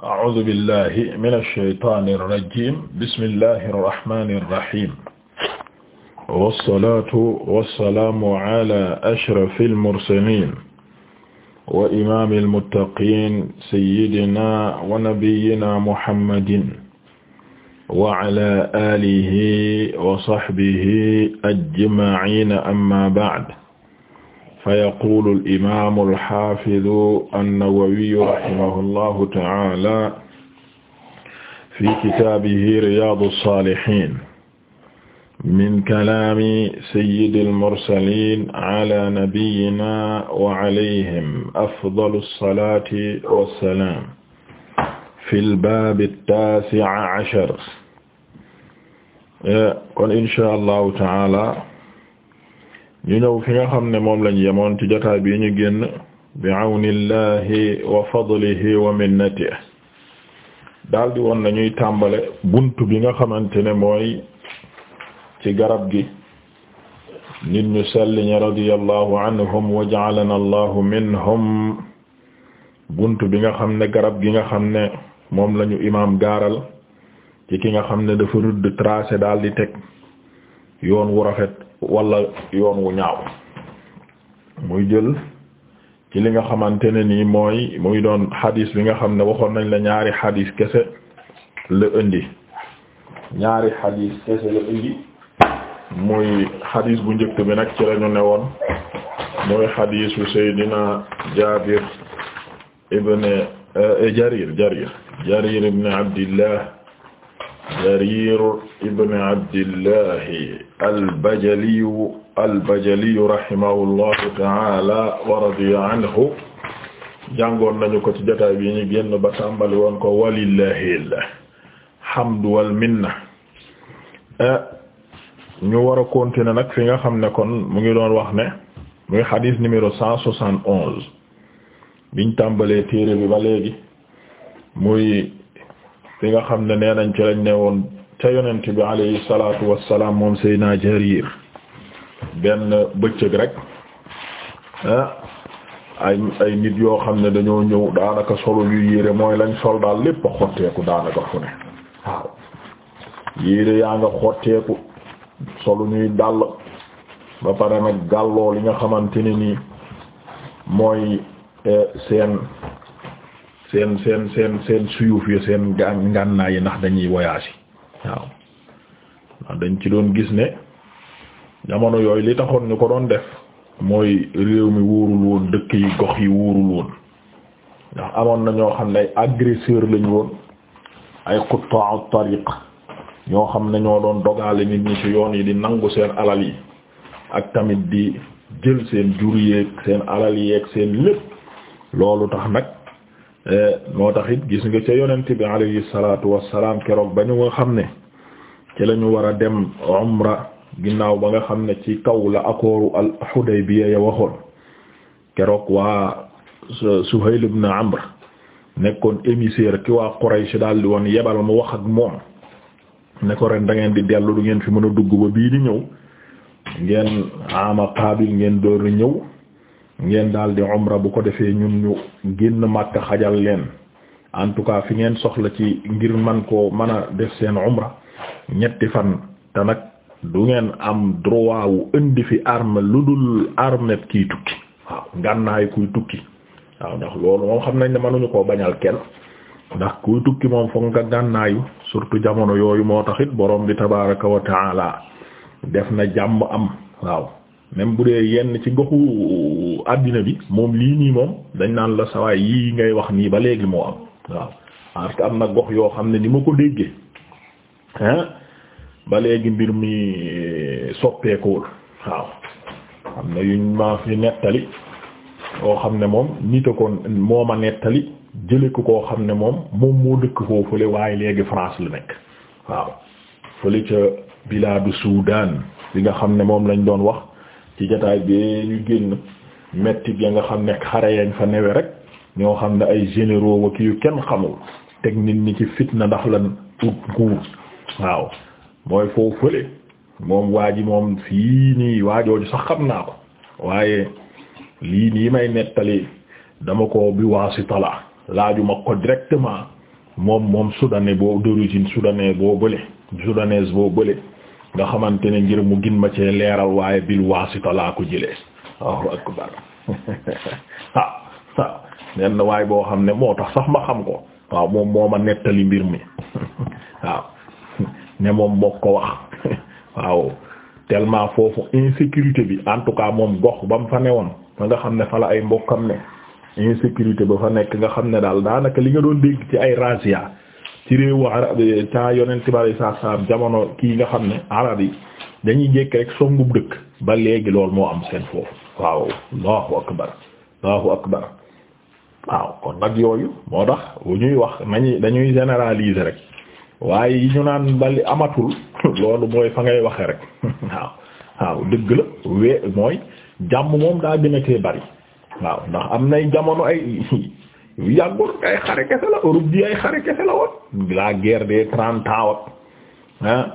a'uuzu billahi mina shaytaani rajiim bismillahi rahmaani rahiim. wasalaatu wasalaamu ala ashrafil mursaliin wa imaamil muttaqiin sayyidinaa wa nabiyyinaa muhammadin wa ala aalihi wa sahbihi ajma'iin amma ba'd. فيقول الإمام الحافظ النووي رحمه الله تعالى في كتابه رياض الصالحين من كلام سيد المرسلين على نبينا وعليهم أفضل الصلاة والسلام في الباب التاسع عشر kon inshaa Allahu ta'aala ñu ñëw fi nga xam ne moom lañu yemoon ci jotaay bi ñu génn bi awnillahi wa fadlihi wa minnatihi daldi woon nañuy tàmbale bunt bi nga xamante ne mooy ci garab gi nit ñu sell ñi radiyallahu anhum wa ja'alana allahu minhum bunt bi nga xam ne garab gi nga xam ne moom lañu imaam gaaral ci ki nga xam ne dafa rudd tracé daldi teg yoon wu rafet wala yoon wu ñaaw muy jël ci li nga xamante ne nii mooy muy doon xadiis bi nga xam ne waxoon nañ la ñaari xadis kese la indi ñaari xadis kese la indi muy xadis bu njëkk bi nag ci lañu ne woon mooy xadisu Seydina Jaabir ibn eh, Jarir Jarir Jarir ibn Abdillah albajaliyu albajaliyu rahimahullahu taala wa radiya anhu jàngoon nañu ko ci jotaay bi ñu génn ba tàmbali woon ko walillahi alhamdu wal minna eh, ñu wara a continuer nag fi nga xam ne kon mu ngi doon wax ne muy xadiis numéro cent soixante onze biñ tàmbalee téere bi ba léegi muy fi nga xam ne nee nañ ci lañ ne woon ca yonent bi alayhi salaatu salaam moom Seydina Jarir benn bëccëg rek ah, ay ay nit yoo xam ne dañoo ñëw daanaka solo yu yére mooy lañ sol daal lépp a xotteeku daanaka fu ne yaa nga xotteeku solu ñuy dàll ba pare nag gàlloo li nga xamante ne nii mooy eh, seen seen seen seen seen suyuf yi seen gàn ngànnaay yi ndax dañuy voyage waaw dañ ci doon gis ne jamono yooyu li taxoon ñu ko doon def mooy réew mi wóorul woon dëkk yi gox yi wóorul woon ndax amoon na ñoo xam ne ay agresseur lañu woon ay quttaa tariq ñoo xam ne ñoo doon dogale nit ñi ci yoon yi di nangu seen alal yi ak tamit di jël seen jur yeeg seen alal yeeg seen lépp loolu tax nag moo tax it gis nga ca yonent bi alayhi salaatu wassalaam keroog ba ñu nga xam ne ci lañu ñu war a dem umra ginnaaw ba nga xam ne ci kaw la accordu al Hudaybiya ya waxoon keroog waa Suhayl ibn Amr nekkoon émissaire ki waa Quraysh daal di woon yebal mu wax ak moom ne ko ren da ngeen di dellu du ngeen fi mën a dugg ba bii di ñëw ngeen ama qaabil ngeen door ñëw. ngeen daal di umra bu ko defee ñun ñu génn Makka xajal leen en tout cas fi ngeen soxla ci ngir man koo mën a def seen umra ñetti fan te nag du ngeen am droit wu indi fi arme lu dul arme kiy tukki waaw ngànnaay kuy tukki waaw ndax loolu moom xam nañ ne mënuñu ko bañal kenn ndax kuy tukki moom foog nga gànnaayu surtout jamono yooyu moo taxit boroom bi tabaraka wa taala def na jàmm am waaw même bu dee yenn ci goxu àddina bi moom lii nii moom dañ naan la sawaay yii ngay wax nii ba léegi moo am waaw parce que am na gox yoo xam ne ni ma ko déggee hein ba léegi mbir mi eh, soppeekuwul waaw am na yuñ ma fi nettali yoo xam ne moom nit a ko moo ma nettali jële ko koo xam ne moom moom moo dëkk koo fële waaye léegi France la nekk waaw fële ca bilaadu Soudan li nga xam ne moom lañ doon wax ci jotaay bi ñu génn metti bi nga xam ne xare yañ fa newe rek ñoo xam ne ay généraux wa ki yu kenn xamul teg nit ñi ci fitna ndax lan ut nguur waaw mooy foo fële moom waa ji moom fii nii waajooju sax xam naa ko waaye lii nii may nettali dama ko bi waasita la laajuma ko directement moom moom soudanais boo d'origine soudanais boo bële soudanaise boo bële nga xamante ne ngir mu gin ma cee leeral waaye bil waasita laa ko jëlee waaw akbar waaw ah, waaw nenn waay boo xam ne moo tax sax ma xam ko waaw moom moo ma nettali mbir mi waaw ne moom moo ko wax waaw tellement foofu insécurité bi en tout cas moom gox ba mu fa newoon ba nga xam ne fa la ay mbokkam ne insécurité ba fa nekk nga xam ne daal daanaka li nga doon dégg ci ay razzia ci réew réewu arab temps yonent bi saa saa jamono kii nga xam ne arab yi dañuy njëkk rek songub dëkk ba léegi lool moo am seen foofu waaw allahu akbar allahu akbar waaw kon nag yooyu moo tax bu ñuy wax nañuy dañuy généraliser rek waaye yi ñu naan bali amatul loolu mooy fa ngay waxee rek waaw waaw dëgg la we mooy jàmm moom daa gën a tee bari waaw ndax am nay jamono ay yàggul ay xare kese la Europe bi ay xare kese la woon la guerre des trente ans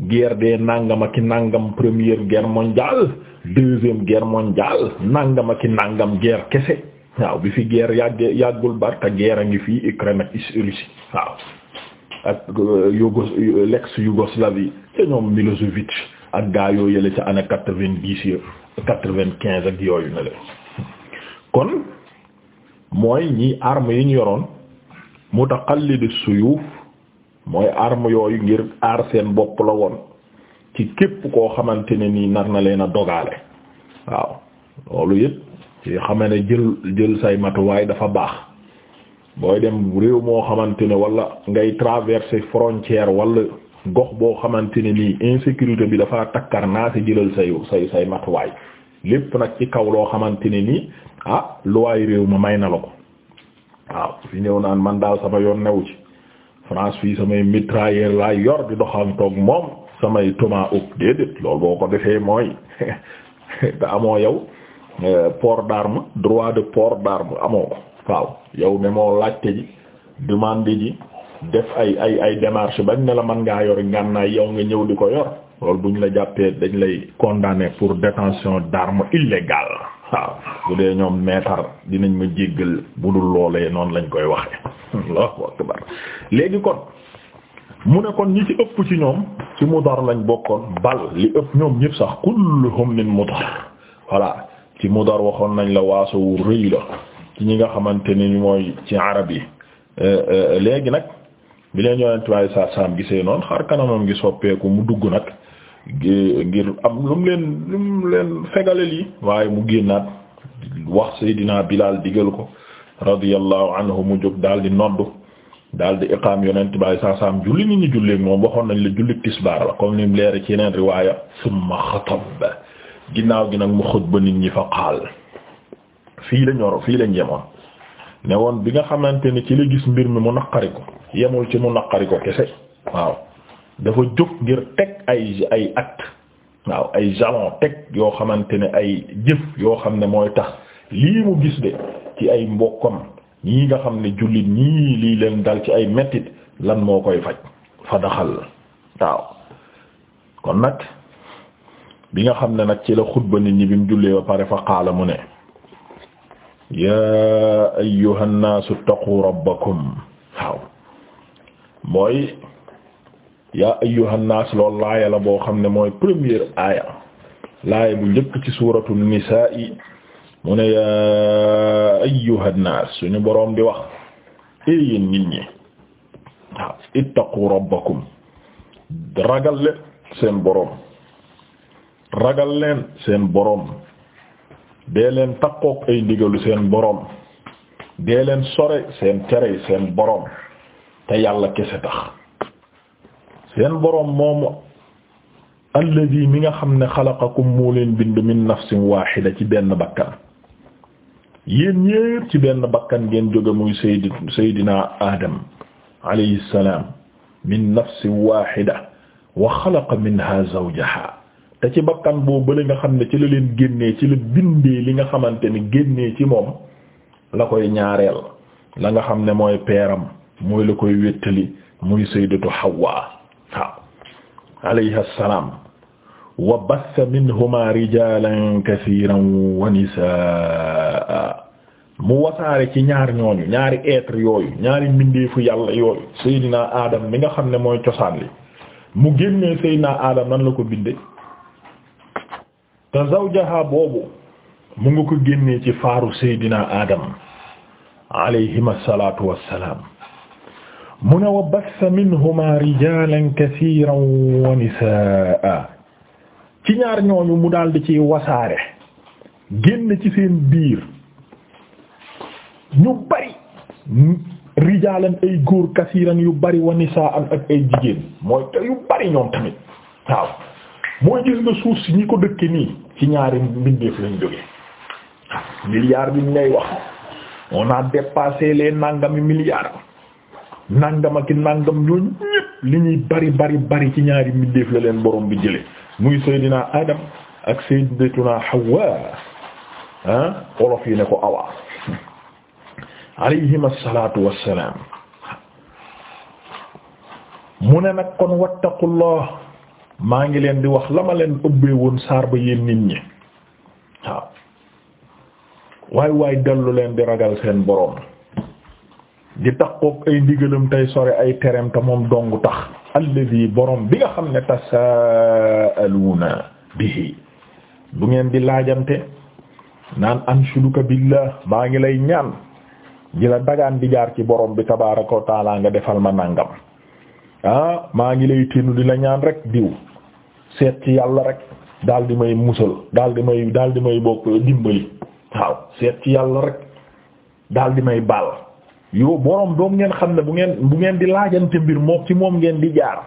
guerre des nangam ak nangam première guerre mondiale deuxième guerre mondiale nangam ak nangam guerre kese waaw bi fi guerre yàgg yàggul barta guerre a ngi fii Ukraine ak Russie waaw ak euh, Yougos l'ex Yougoslavie ca ñoom Milosevic ak gaa yoo yële ca année quatre-vingt-dix yooyu quatre vingt kon mooy ñii armes yi ñu yoroon mutaqallid suyuf mooy arme yooyu ngir aar seen bopp la woon ci képp koo xamante ne nii nar na leen a dogaale waaw loolu it ci xame ne jël jël say matuwaay dafa baax booy dem réew moo xamante ne wala ngay traverser frontière wala gox boo xamante ne nii insécurité bi dafa takkar naa si jëlal say say say matuwaay lépp nag ci kaw loo xamante ne nii ah luwaay réew ma may na la ko waaw fi ñëw naan man daal sama yoon new ci France fii samay mitrailleur laa yor di doxantoog moom samay toma ëpp déedéet loolu boo ko defee mooy te amoo yow euh, port d'arme droit de port d'arme amoo ko waaw yow ne moo laajte ji demande ji def ay ay ay démarche bañ ne la man ngaa yor ngànnaay yow nga ñëw di ko yor loolu bu ñu la jàppee dañ lay condamné pour détention d'armes illégales waaw bu dee ñoom meetar dinañ ma jéggal bu dul loolee noonu lañ koy waxee allahu akbar léegi kon mu ne kon ñi ci ëpp ci ñoom ci mudar lañ bokkoon bal li ëpp ñoom ñëpp sax kulluhum min mudar voilà ci mudar waxoon nañ la waaso wu rëy la ci ñi nga xamante ni mooy ci arab yi euh, euh, léegi nag bi leen yonent bi sallallahu alayhi wasallam gisee noonu xar kanamam gi soppeeku mu dugg nag ngir am lu mu leen lu leen fegalel yi waaye mu génnaat wax Seydina Bilal digal ko radiyallahu anhu mu jóg daal di noddu daal di iqaam yonent baay saasaam julli nit ñi julleek moom waxoon nañ la julli tisbaar la comme ni mu leere ci yeneen riwaaya summa xatab ginnaaw gi nag mu xutba nit ñi fa qaal fii la ñoro fii la ñemoon ne woon bi nga xamante ni ci la gis mbir mi mu naqari ko yemul ci mu naqari ko kese waaw dafa jóg ngir teg ay ay acte waaw ay jalon teg yoo xamante ne ay jëf yoo xam ne mooy tax lii mu gis de ci ay mbokkam ñii nga xam ne jullit ñii lii leen dal ci ay mettit lan moo koy faj fa daxal waaw kon nag bi nga xam ne nag ci la xutba nit ñi bi mu jullee ba pare fa xaala mu ne yaa ayyuhan naasu taqu rabbakum waaw mooy ya ayyuhan naas lool la boo xam ne mooy première aaya laaya bu njëkk ci suuratu nisaa'i mu ne yaa ayyuhan naas suñu boroom di wax yéen nit ñi waaw ittaqu rabbakum ragal leen seen boroom ragal leen seen boroom dee leen takkook ay ndigalu seen boroom dee leen sore seen tere seen boroom te yàlla kese tax seen boroom moom alladi mi nga xam ne xalaqakum moo leen bind min nafsin waaxida ci benn bakkan yéen ñépp ci benn bakkan ngeen jóge muy saydi saydina adam alayhi salaam min nafsin waaxida wa xalaqa minha zawjaha te ci bakkan boo bële nga xam ne ci la leen génnee ci la bindee li nga xamante ni génnee ci moom la koy ñaareel la nga xam ne mooy peeram mooy la koy wéttali muy saydatu Hawa alayhi assalaam wa bassa minhuma rijalan kasiiran wa nisaa mu wasaare ci ñaar ñooñu ñaari être yooyu ñaari mbindeefu yàlla yooyu seydina adam mi nga xam ne mooy cosaan li mu génnee seydina adam nan la ko binde te zawjaha boobu mu nga ko génnee ci faaru seydina adam alayhima salaatu wassalaam mu ne wa bassa minhuma rijalan kasiran wa nisaa ci ñaar ñooñu mu daal di ci wasaare génn ci seen biir ñu bari rijalan ay góor kasiran yu bari wa nisaan ak ay jigéen mooy te yu bari ñoom tamit waaw mooy gis nga suuf si ñi ko dëkke nii ci ñaari mbindeef lañ jóge milliard bi ñu ngay wax on a dépassé les nangami milliards nangam ak nàngam ñooñu ñëpp li ñuy bari bari bari ci ñaari mbindeef la leen borom bi jële muy Seydina Adam ak Sayyidatuna Hawa ah olof yi ne ko Awa alayhim assalaatu wassalaam mu ne nag kon wattaqullah maa ngi leen di wax la ma leen ubbee woon saar ba yéen nit ñi waaw waay waay dellu leen di ragal seen borom. di takkook ay ndigalam tey sore ay tereem te moom dong tax alladi boroom bi nga xam ne tasaaluuna bihi bu ngeen di laajante naan anshuduka billah maa ngi lay ñaan di la dagaan di jaar ci boroom bi tabaaraka wa taala nga defal ma nangam ah maa ngi lay tinu di ñaan rek diw seet ci yàlla rek daal di may musal daal di may daal di may bokk dimbali waaw seet ci yàlla rek daal di may baal yow borom doom ngeen xam ne bu ngeen bu ngeen di laajante mbir moom ci moom ngeen di jaar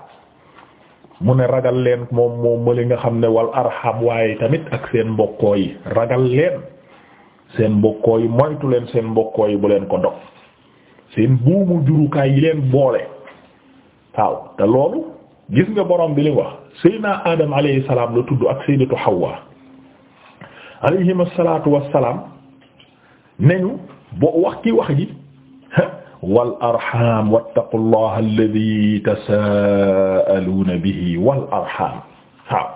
mu ne ragal leen moom moom li nga xam ne wal arham waaye tamit ak seen mbokkoo yi ragal leen seen mbokkoo yi moytu leen seen mbokkoo yi bu leen ko dog seen buumu jurukaay yi leen boole waaw te loolu gis nga boroom bi li wax seydna adam alayhi salaam la tudd ak sayyidatu Hawa alayhim asalatu wasalaam nañu bo wax ki wax ji wal arham wattaqullaha alladhi tasaaluna bihi wal arham waaw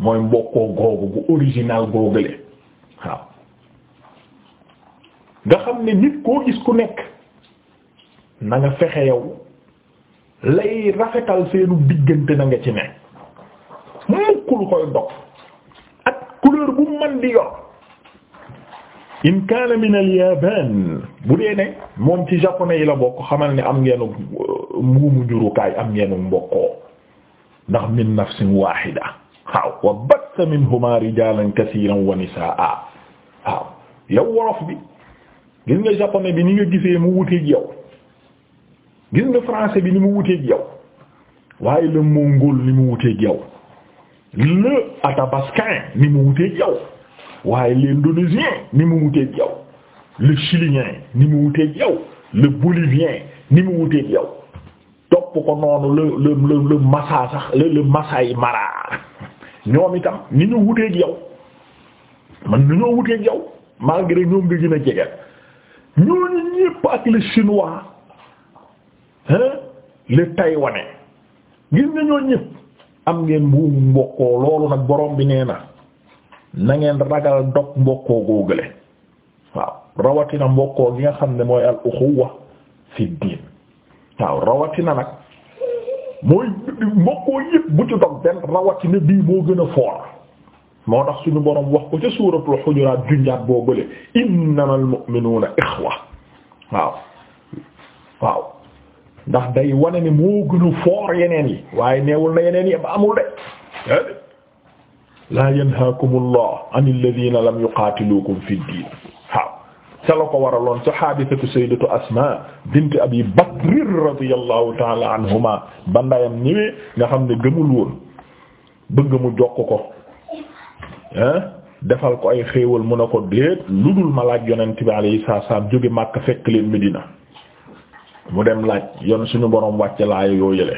mooy mbokkoo googu bu original googale waaw nga xam ne nit koo gis ku nekk na nga fexe yow lay rafetal seenu diggante na nga ci ne mukk lu koy dox ak couleur bu man di yor in kaana min al bu dee ne moom ci japonais yi la bokk xamal ne am ngeenu euh, muumu njurukaay am ngeenu mbokkoo ndax min nafsin waahida waaw wa batha minhumaa rijaalan kasiiran wa nisaa waaw yow wolof bi gis nga japonais bi ni nga gisee mu wuteeg yow gis nga français bi ni mu wuteeg yow waaye le mongol ni mu wuteeg yow le atabaskan ni mu wuteeg yow waaye l'indonésien ni mu wuteeg yow le chilien ni mu wuteeg yow le bolivien ni mu wuteeg yow topp ko noonu le le le le massa sax le le Masai Mara ñoom itam ni ñu wuteeg yow man ni ñoo wuteeg yow malgré ñoom nga gën a jege ñooñu ñépp ak le chinois hein le taïwanais gis nga ñoo ñépp am ngeen bu mbokkoo loolu nag borom bi nee na. nangeen ngeen ragal dog mbokkoo góogale waaw rawatina mbokkoo gi nga xam ne mooy al uxuwa fi diin waaw rawatina nag mooy mbokkoo yëpp bu dog rawatina bii moo gën foor moo tax sunu boroom wax ko ca suuratul xujuraat junjaat boo bële innamal mu'minuuna ixwa waaw waaw ndax day moo gën foor yeneen yi waaye neewul na yeneen yi ba amul laa yanhaakumullah anil ladina lam yuqaatilukum fid diin waaw ca la ko waraloon ca xaadisatu sayyidatu asma bint abi bakr radiyallahu taala anhuma ba ndayam ñëwee nga xam ne gëmul woon bëgg mu jokk ko defal ko ay xéewal mu a ko déet lu dul ma laaj yonent bi alayhi salaam jóge Makka fekk leen Medina mu dem laaj yon suñu borom wàcce laayo yoo yële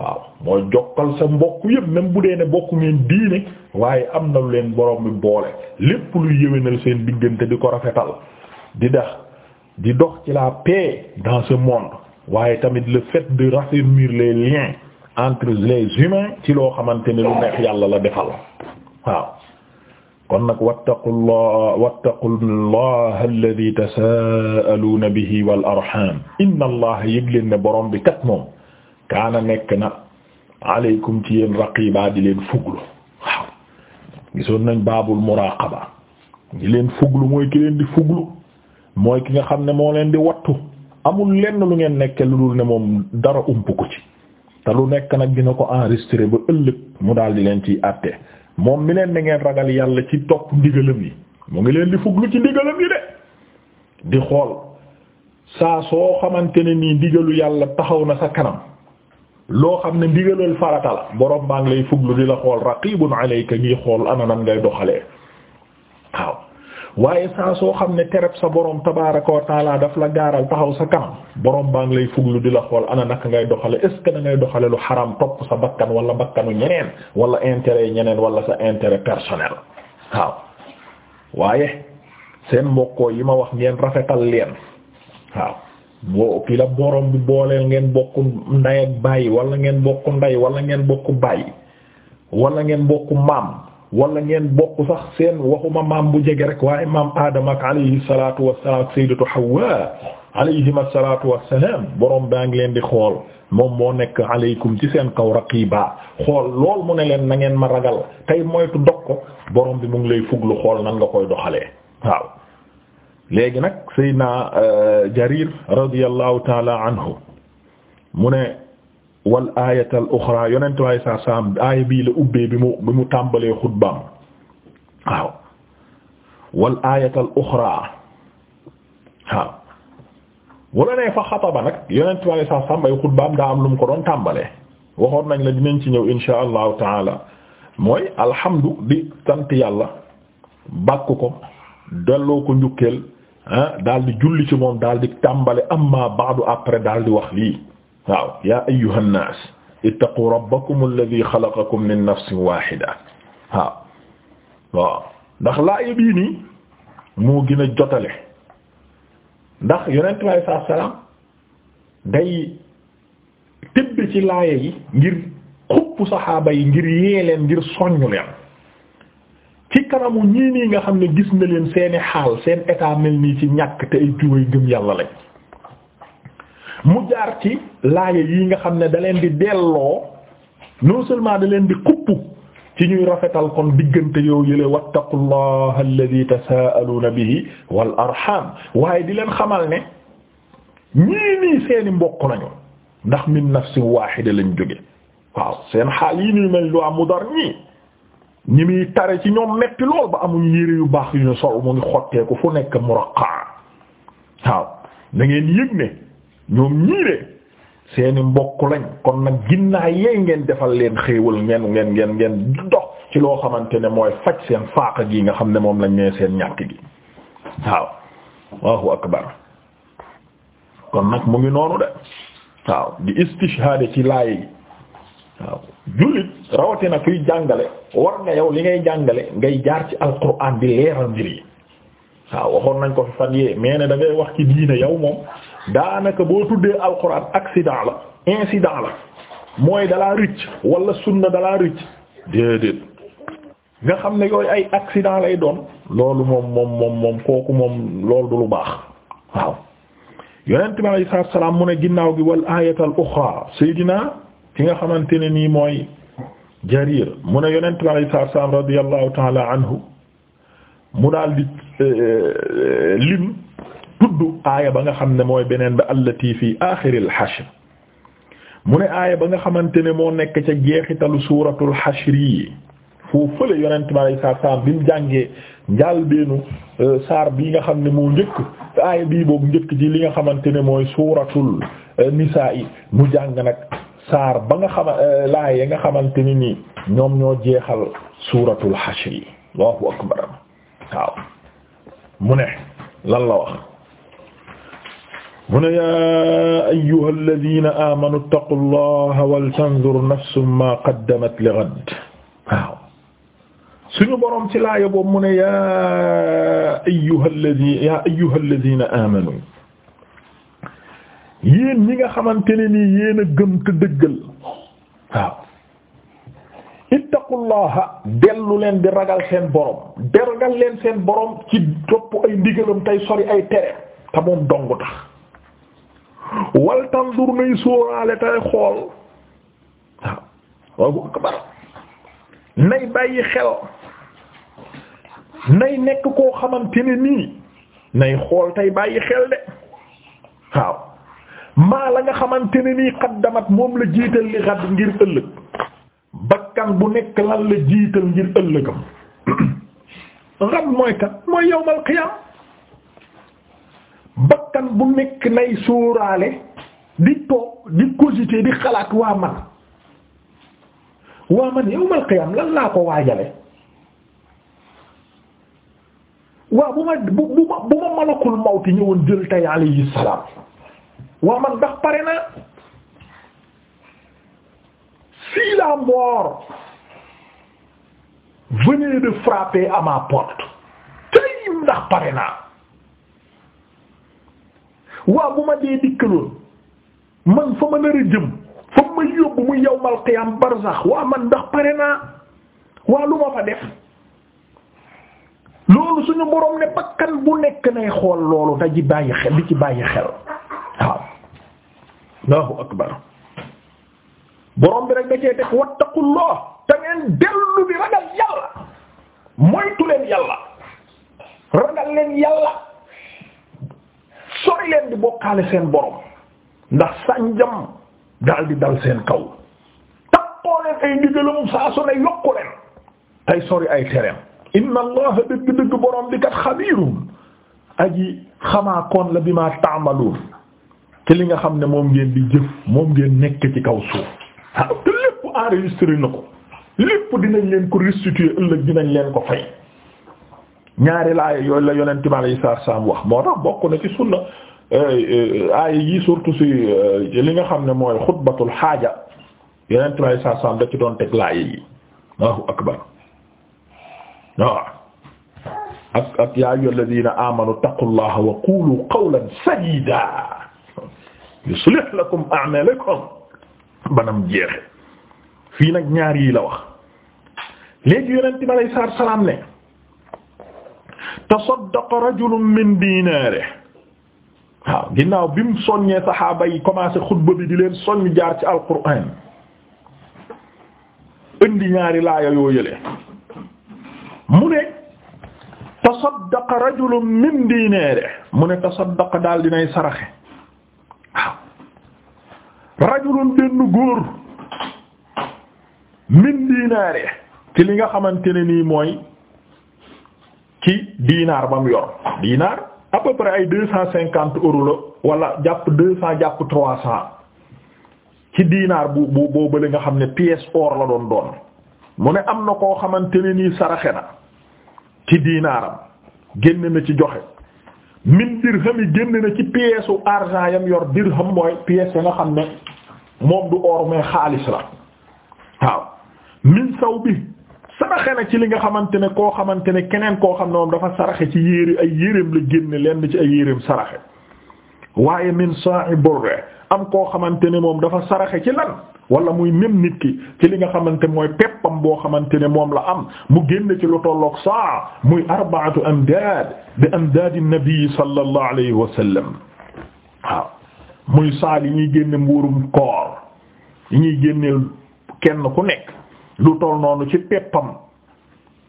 waaw mooy jokkal sa mbokk yëpp même bu dee ne bokk ngeen diine waaye am na lu leen borom bi boole lépp luy yéwénal seen diggante di ko rafetal di dex di dox ci la paix dans ce monde waaye tamit le fait de raffermir les liens entre les humains ci loo xamante ni lu neex yàlla la defal waaw kon nag wattaqullah wattaqullaha alladhi tasaaluna bihi wal arham inna leen ne boroom bi kat moom kaana nekk na aleykum ci yéen raqiba di leen fuglu waaw gisoon nañ baabul muraqaba di leen fuglu mooy ki leen di fuglu mooy ki nga xam ne moo leen di wattu amul lenn lu ngeen nekke lu dul ne moom dara ump ko ci te lu nekk nag dina ko enregistré ba ëllëg mu daal di leen ciy àtte moom mi leen da ngeen ragal yàlla ci topp ndigalam yi mu ngi leen di fuglu ci ndigalam yi de di xool saa soo xamante ne nii ndigalu yàlla taxaw na sa kanam loo xam ne ndigalal farata la boroom baa ngi lay fuglu di la xool raqibun alayka ngi xool ananam ngay doxalee waaw waaye saa soo xam ne tereb sa borom tabaaraka wa taala daf la gaaral taxaw sa kanam borom baa ngi lay fuglu di la xool ana naka ngay doxale est ce ngay doxalee lu xaram topp sa bakkan wala bakkanu ñeneen wala intérêt ñeneen wala sa intérêt personnel waaw waaye seen mbokkoo yi ma wax ngeen rafetal leen waaw boo ki borom bi booleel ngeen bokk nday ak baay wala ngeen bokk nday wala ngeen bokk baay wala ngeen bokk maam wala ngeen bokk sax seen waxuma maam bu jege rek waaye maam Adama ak alayhi salaatu wassalaam ak sayyidatu Hawwa alayhim assalaatu wassalaam borom baa ngi leen di xool moom moo nekk aleykum ci seen kaw raqiba xool lool mu ne leen na ngeen ma ragal tey moytu dog ko borom bi mu ngi lay fuglu xool nan nga koy doxalee waaw. léegi nag Seydina euh, Jarir radiyallahu taala anhu mu ne wal ayatal uxra yonent waaye saa saam bii la ubbee bi mu bi mu tàmbalee xutbaam waaw wal ayatal uxra waaw wala ne fa xataba nag yonent waaye saa saam ay xutbaam daa am lu mu ko doon tàmbalee waxoon nañ la dinañ ci ñëw insha allahu taala mooy alhamdu di sant yàlla bàkk ko delloo ko njukkeel Ah, daal di julli ci moom daal di tàmbale amma ba'du après daal di wax lii waaw yaa ayyuhan naas ittaqu rabbakum alladhi xalaqakum min nafsin waahida waaw waaw ndax laaya bii nii moo gën a jotale ndax yonent bi alayhi salaam day tëbb ci laaya yi ngir xupp saxaaba yi ngir yee leen ngir soññu leen ci kanamu ñii nii nga xam ne gis na leen seeni xaal seen état mel nii ci ñàkk te ay tuway gëm yàlla lañ mu jaar ci laaya yi nga xam ne da leen di delloo non seulement da leen di xupp ci ñuy rafetal kon diggante yow yële wattaqullaha alladhi tasaaluna bihi wal arham waaye di leen xamal ne ñii nii seeni mbokk lañu ndax min nafsin waahida lañ jóge waaw seen xaal yi ñuy mel lu am mu dar ñii ñi muy tare ci ñoom metti lool ba amuñ yére yu baax yu ñu sol mu ngi xotteeku fu nekk muraqa waaw na ngeen yëg ne ñoom ñii seeni mbokk lañ kon nag ginnaa yeey ngeen defal leen xéewal ngeen ngeen ngeen ngeen dox ci loo xamante ne mooy faj seen faaq gi nga xam ne moom lañ nee seen ñàkk gi waaw Allahu akbar kon nag mu ngi noonu de waaw di istishhaade ci laay waaw jullit rawatina kuy jàngale war nga yow li ngay jàngale ngay jaar ci alquran di leeral mbir yi waaw waxoon nañ ko fi fan yee mais ne wax ci diine yow moom daanaka boo tuddee alquran accident la incident la mooy dalaa rëcc wala sunna dalaa rëcc déedéet nga xam ne yooyu ay accident lay doon loolu moom moom moom kooku moom loolu du lu baax waaw yonent bi alayhi salaam mu ne ginnaaw gi wal ayatal uxra sayidina ki nga xamante ne nii mooy Jarir mu ne yonent bi alayhi salaatu salaam radiyallahu ta'ala anhu mu daal di eh, eh, lim tudd aaya ba nga xam ne mooy beneen bi allati fi aaxiril xashr mu ne aaya ba nga xamante ne moo nekk ca jeexitalu suuratul xashr yi foo fële yonent bi alayhi salaatu salaam bi mu jàngee njàlbeenu eh, saar bi nga xam ne moo njëkk aaya bii boobu njëkk ci li nga xamante ne mooy suuratul nisaa yi mu jàng nag. saar ba nga xama euh, laay ya nga xamante ni nii ñoom ñoo jeexal suuratul xashr yi allahu akbar waaw mu ne lan la wax mu ne yaa ayyuha alladina amanu ttaqu llaha waltanzur nafsum maa qaddamat li ghad waaw suñu boroom ci laaya boobu mu ne yaa ayyuha alladina yaa ayyuha alladina amanu yéen ñi nga xamante ne nii yéen a gëm te dëggal waaw ittaqullaha dellu leen di ragal seen borom deragal leen seen boroom ci topp ay ndigalam tey sori ay tere te moom dong tax wal nay sóoraale tey xool waaw waagu akbar nay bàyyi xel nay nekk koo xamante ne nii nay xool tey bàyyi xel de waaw maa la nga xamante ne nii xaddamat moom la jiital li xadd ngir ëllëg bakkan bu nekk lan la jiital ngir ëllëgam xad mooy kat mooy yawmal qiyaam bakkan bu nekk nay sóoraale di toog di cogiter di xalaat waa man waa man yawmal qiyaam lan laa ko waajale waa bu ma bu ma bu ma malakul mawti ñëwoon jël tay alayhi waa man ndax pare na si la mort venait de frapper à ma porte tey ndax pare naa waa bu ma dee dikkaloon man fa ma nar a jëm fa ma yóbbu mu yawmal qiyaam barzax waa man ndax pare naa waa lu ma fa def loolu suñu borom ne bakkan bu nekk nay xool loolu da ci bàyyi xel di ci bàyyi xel waaw Allahu akbar borom bi rek da cee teg wattaqullah te ngeen dellu bi ragal yàlla moytu leen yàlla ragal leen yàlla sori leen di bokkaale seen borom ndax sànjam daal di dal seen kaw tappoo leen ay ndigalam saa su ne yokku leen tey sori ay tereem inna allah dëgg-dëgg borom bi kat xabiirum aji xamaa koon la bi ma taamaluun ci li nga xam ne moom ngeen di jëf moom ngeen nekk ci kaw suuf waaw te lépp enregistré na ko lépp dinañ leen ko restituer ëllëg dinañ leen ko fay ñaari laay yooyu la yonent mi alayhi salaam wax moo tax bokk na ci sunna eh, eh, aay yi surtout eh, li nga xam ne mooy xutbatul xaaja yonent mi alayhi salaam da doon teg laay yi Allahu akbar waaw ak ak yaa ayyuhal ladiina aamanu taqullaha wa qulu qawlan sadiida yuslih lakum a'malakum banam jeexe fii nag ñaar yi la wax léegi yonent bi alayhi salaatu salaam ne tasaddaqa rajulun min dinaarihi waaw ginnaaw bi mu soññee saxaaba yi commencé xutba bi di leen soññ jaar ci alquraan indi ñaari laaya yoo yële mu ne tasaddaqa rajulun min dinaarihi mu ne tasaddaqa daal dinay saraxe waaw rajulun benn góor min diinaare ci li nga xamante ne nii mooy ci diinaar ba mu yor diinaar à ay deux cent cinquante euros la wala jàpp deux cent jàpp trois cent ci diinaar bu bu boobale nga xam ne pièce or la doon doon mu ne am na koo xamante ne nii saraxe na ci diinaaram génn na ci joxe min dirham génn na ci pièce u argent yam yor dirham mooy pièce ya nga xam ne moom du or mais xaalis la waaw min saw bi saraxe na ci li nga xamante ne koo xamante ne keneen koo xam ne moom dafa saraxe ci yére ay yéreem la génne lenn ci ay yéreem saraxe waaye min sa'i burra am koo xamante ne moom dafa saraxe ci lan wala muy nem nit ki ci li nga xamante mooy peppam boo xamante ne moom la am mu génn ci lu tolloog saa muy arbaatu amdaad bi amdaadi nabi sallallahu alayhi wa sallam waaw muy saa yi ñuy génne mbuurum koor yi ñuy génneel kenn ku nekk lu toll noonu ci peppam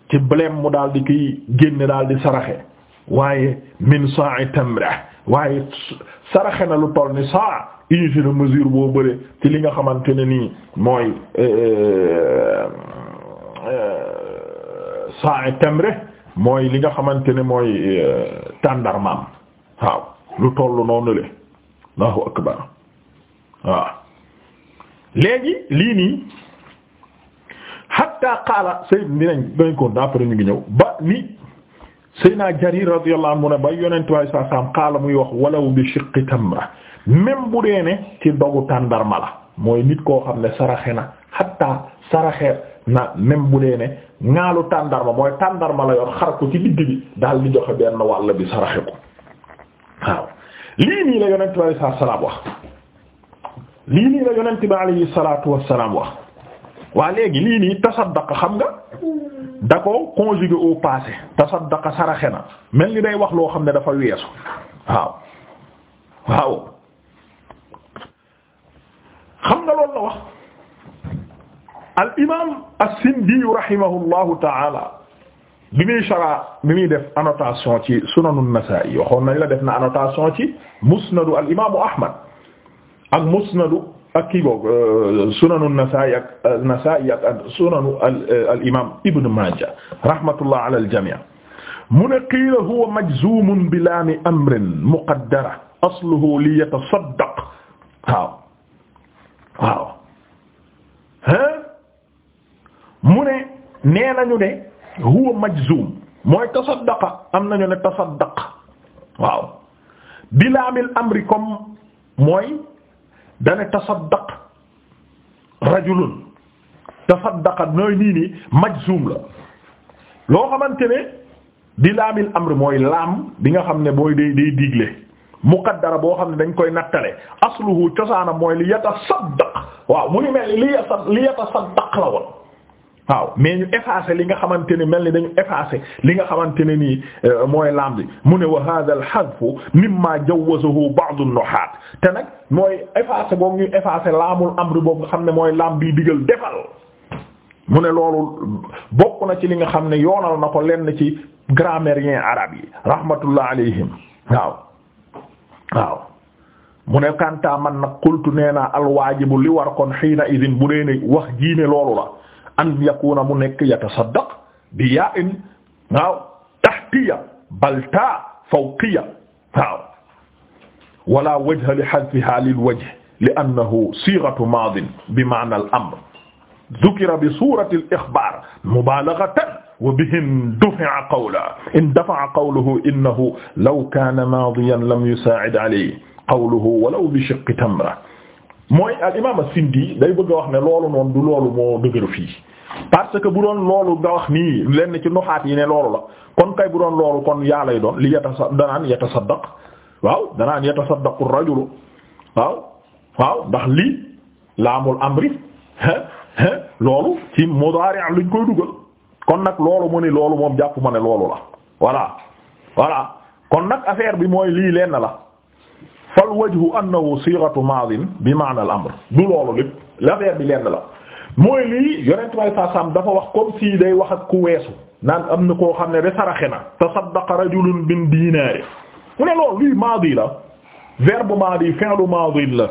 ci blem mu daal di kiy génne daal di saraxe waaye min sa'i tamra waaye saraxe na lu toll ni saa unité de mesure boo bëre ci li nga xamante ne nii mooy saa euh, euh, temre mooy li nga xamante ne mooy euh, tàndarmaam waaw lu toll noonu le Allahu akbar waaw léegi lii hatta qaala Seydou dinañ dinañ ko d'après ñu ngi ñëw ba ni. Seyna Jarir radiyallahu anhu mu ne ba yonent waaye saa saam xaala muy wax walaw bi shiqqi tamra même bu dee ne ci dogu tàndarma la mooy nit koo xam ne saraxe na hatta saraxe na même bu dee ne ŋaalu tàndarma mooy tàndarma la yor xar ko ci digg bi daal di joxe benn wàll bi saraxe ko waaw lii nii la yonent bi alayhi salaam wax lii wax waa léegi lii nii tasaddaqa xam nga da ko conjugué au passé tasaddaqa saraxe na mel ni day wax loo xam ne dafa weesu waaw waaw xam nga loolu la wax al imam as-Sindi rahimahullahu taala bi muy shara bi muy def annotation ci sunanu an-Nasa'i waxoon nañ la def na annotation ci musnadu al imaamu Ahmad ak musnadu ak kii boog euh, sunanu Nasaa'i ak euh, Nasaa'i ak sunanu al euh, imaam Ibn Maaja rahmatullah ala al jamii' mu ne qiila huwa majzuumun bi laami amrin muqaddara asluhu li yatasaddaq waaw waaw mu ne nee nañu ne huwa majzuum mooy tasaddaqa am nañu ne tasaddaq waaw bi laamil amri comme mooy. dana tasaddaq rajulun tasaddaqa nooy nii nii majzum la loo xamante ne di laamil amr mooy laam bi nga xam ne mooy day day digle muqaddara boo xam ne dañ koy nattale asluhu cosaana mooy li yatasaddaq waaw mu ngi li yatasaddaq la woon waaw mais ñu effacé li nga xamante ne mel ni dañu effacé li nga xamante ne nii euh, mooy lam bi mu ne wa hadha al hadf mimma jawazahu ba'd an te nag mooy effacé boobu ñuy effacé laamul amr boobu nga xam ne mooy lam bi digal defal mu ne loolu bokk na ci li nga xam ne yoonal na ko lenn ci grammairien arabe yi rahmatullah alayhim waaw waaw mu ne kanta man nag qultu nee naa alwaajibu li war kon xiina idin bu dee ne wax jiine loolu la an yakuna mu nekk yatasaddaq bi yaa in waaw tahtiya balta fawqiya waaw wala wajha li hadfiha lil wajh li annahu sighatu maadin bi ma'na al amr dhukira bi surati al ikhbar mubalaghatan wa bihim dufi'a qawla in dafa'a qawluhu innahu law kana maadiyan lam yusa'id alayhi qawluhu walaw bi shiqqi tamra mooy al imam as-Sindi day bëgg a wax ne loolu noonu du loolu moo dëgëru fii parce que bu doon loolu nga wax nii lenn ci nuxaat yi ne loolu la kon kay bu doon loolu kon yaa lay doon li yatasa danaan yatasaddaq waaw danaan yatasaddaqu rajulu waaw waaw ndax lii laamul amri loolu ci mudaari luñ koy dugal kon nag loolu mu ni loolu moom jàppuma ne loolu la voilà voilà kon nag affaire bi mooy lii lenn la fal wajhu annahu sighatu maadin bi maana al amr du loolu lépp l'affaire bi lenn la mooy lii yonent bay saa saam dafa wax comme si day wax ak ku weesu naan am na koo xam ne de saraxe na tasaddaqa rajulun bin dinaari mu ne loolu luy maadi la verbe maadi fi'lu maadi la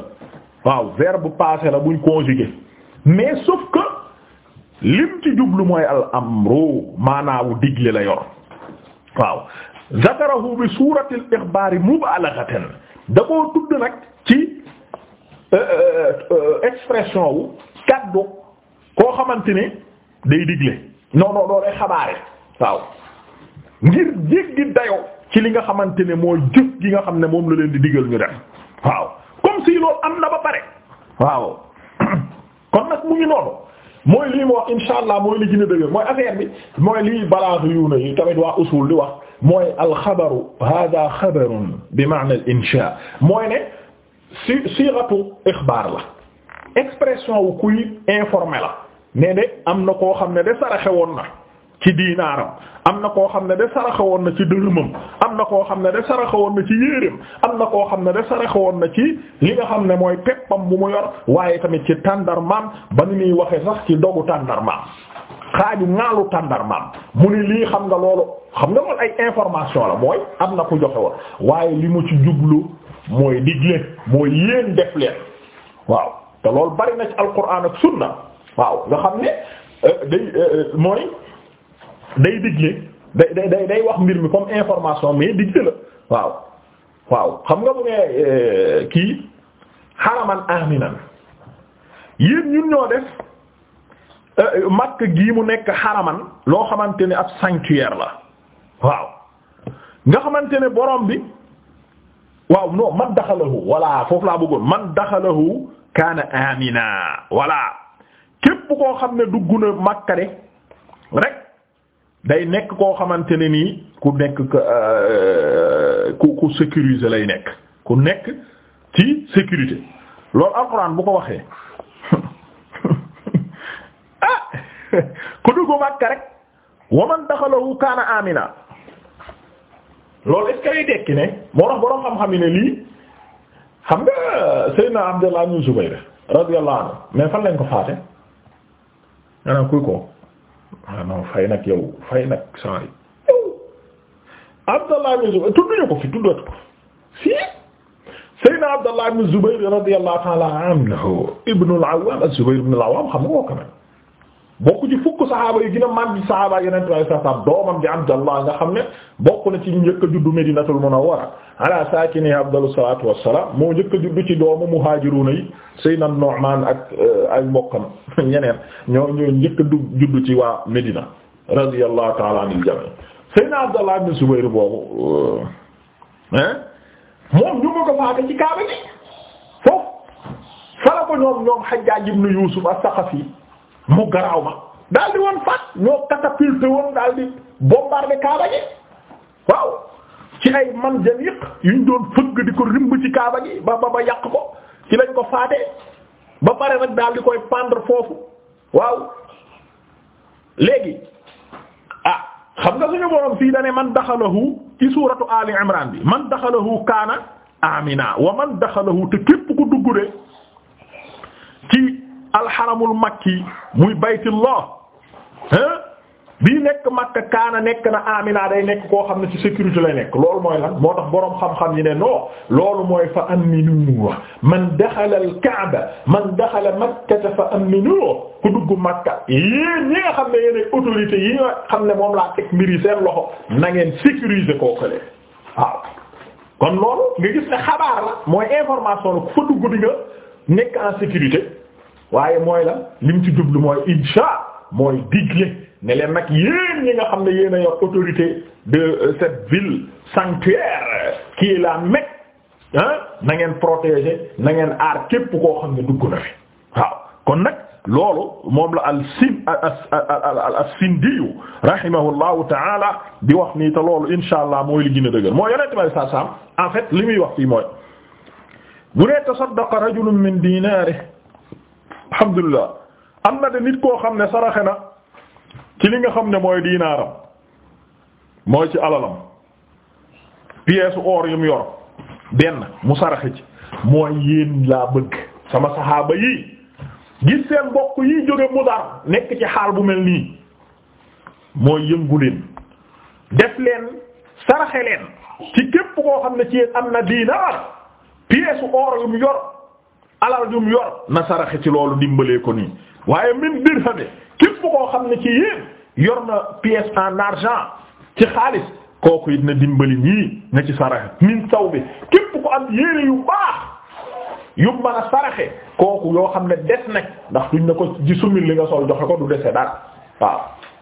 waaw verbe passé la buñ conjugué mais sauf que lim ci jublu mooy al amru maanaawu digle la yor waaw zakarahu bi suurati al ixbaari mubaalaghatan da koo tudd nag ci euh, euh, euh, expression wu kaddu koo xamante ni day digle non non doo day xabaare waaw ngir jéggi dayoo ci li nga xamante ne mooy jëf gi nga xam ne moom la leen di digal ñu def waaw comme si loolu am na ba pare waaw kon nag mu ngi noonu mooy lii mu wax insha allah mooy li gën a dëgër mooy affaire bi mooy lii balaasu yu na yi tamit waa usul di wax mooy alxabaru hada xabarun bi maana al insha mooy ne si siiratu ixbaar la expression wu kuy informé la ne de am na koo xam ne de saraxe woon na ci diinaaram am na koo xam ne de saraxe na ci dërëmam am na koo xam ne de saraxe na ci am na koo xam ne de saraxe na ci li nga xam ne mooy peppam bu mu yor waaye tamit ci tàndarmaam ba ni muy waxe sax ci dogu tàndarmaam xaaju ŋaalu tàndarmaam mu ni lii xam nga loolu xam nga loolu ay information la mooy am na ku joxe woon waaye li mu ci jublu mooy digle mooy yéen def leen waaw te loolu bari na ci alquran ak sunna waaw nga xam ne euh, day euh, mooy day digle day day day day wax mbir mi comme information mais digle la waaw waaw xam nga mu ne euh, kii xaraman aminan yéen ñun ñoo def Makka gii mu nekk xaraman loo xamante ne ak sanctuaire la waaw nga xamante ne borom bi waaw non man daxalahu walla foofu laa bëggoon man daxalahu kaana amina walla képp koo xam ne du na Makka de rek day nekk koo xamante ne nii ku nekk euh, ku ku sécuriser lay nekk ku nekk ci sécurité loolu alxuraan bu ko waxee ah ku dugg Makka rek wa man daxalahu kaana amina lool est-ce que lay tekki ne moo tax borom xam-xam yi ne lii xam nga Seydina Abdullah ibn Zubayr radiyallahu anhu mais fan lañ ko faate nga naan ko ah yow fay nag saa yi Abdullah ibn Zubayr tudd ñu ko fi tuddatu ko si Seydina Abdullah ibn ta'ala anhu ibn al-Awwam az-Zubayr ibn al bokk ci fukk saxaaba yi gën a màgg saxaaba yeneen tubaab yi sax doomam di Abdallah nga xam ne bokk na ci njëkk a juddu Medinatul Munawwara ala saakini afdalu salaatu wassalaam moo njëkk a juddu ci doomu muhaajiruuna yi Seydina Nu'maan ak euh, ay mbokkam ñeneen ñoo ñoo a juddu ci waa Medina radiyallahu ta'ala anil jamii Seydina Abdallah ibn Zubayr boobu euh, hein moom ñu ko faata ci Kaaba gi foofu fala ko ñoom ñoom Hajjaaj ibn Yuusuf as-Saqafi mu garaaw ma daal di woon faat ñoo catapulte woon daal di bombarder kaaba gi waaw ci ay man janiq yuñ doon fëgg di ko rimb ci kaaba gi ba ba ba yàq ko ci lañ ko faate ba pare nag daal di koy pendre foofu waaw léegi ah xam nga suñu borom fii dane man daxalahu ci suuratu ali imran bi man daxalahu kaana amina wa man daxalahu te képp ku dugg de ci alxaramul makki muy baytullah bii nekk Makka kaana nekk na Amina day nekk koo xam ne ci sécurité lay nekk loolu mooy lan moo tax boroom xam-xam yi ne non loolu mooy fa aminu man daxala al-Kaaba man daxala Makkata fa aminu ku dugg Makka yéen ñi nga xam ne yéen autorité yi nga xam ne moom laa teg mbiri seen loxo na ngeen sécuriser koo kële waaw. kon loolu nga gis ne xabaar la mooy information la ku fa dugg di nekk en sécurité. waaye mooy la lim ci jublu mooy insha mooy digle ne leen nag yéen ñi nga xam ne yéen a yor autorité de euh, cette ville sanctuaire qui la Mecque ah na ngeen protéger na ngeen aar képp koo xam ne dugg na fi waaw kon nag loolu moom la al sin al sindiyu rahimahullahu taala di wax nii te loolu insha allah mooy li gën a dëgër mooy yonente may sa sam en fait li muy wax fii mooy bu nee tasaddaqa rajulun min dinarihi alhamdulilah am na de nit koo xam ne saraxe na ci li nga xam ne mooy diinaaram mooy ci alalam pièce or yu mu yor benn mu saraxe ci mooy yéen laa bëgg sama saxaaba yii gis seen mbokk yi jóge Mudar nekk ci xaal bu mel nii mooy yëngu leen def leen saraxe leen ci képp koo xam ne ci am na diinaar pièce or yu mu yor alal jum yor na saraxe ci loolu dimbalee ko nii waaye min dirham képp koo xam ne ci yéen yor na pièce en argent ci xaalis kooku it na dimbali ñii na ci saraxe min saw bi képp ko am yére yu baax yu mën a saraxe kooku yoo xam ne des nag ndax duñ ne ko ci sumil li nga sol joxe ko du dese dara waaw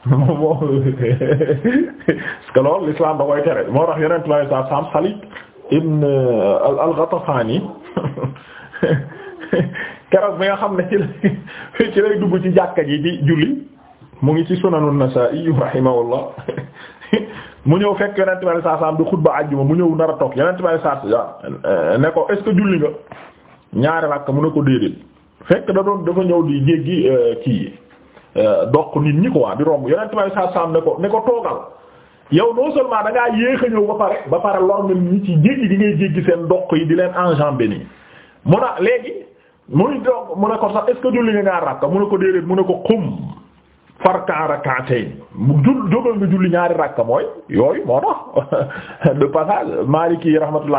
moom parce que da koy tere moo tax yeneen tubaab yi sax Salim ibn euh, al-Ghatafani keroog bi nga xam ne ci lay ci lay dugg ci jàkka ji di julli mu ngi ci sunanu Nasaa'i rahimahullah mu ñëw fekk yonent bi saa saam di xutba àjjuma mu ñëw nar a toog yonent bi saa saa eh, eh, ne ko est-ce que julli nga ñaari mu ne ko déedéet fekk da doon dafa ñëw di jéggi eh, kii doq nit ñi quoi di romb yonent bi saa saam ne ko ne ko toogal yow non seulement da yéex a ñëw ba pare ba pare lor na ñi ci jéggi di ngay seen doq yi di leen enjamber nii mu na léegi muy doog mu ne ko sax est-ce julli nga ñaar rakka mu ne ko déedéet mu a ko xum farkan rak'atayn mu jul jógal nga julli ñaari rakka mooy yooyu moo tax de passage Maliki rahmatullah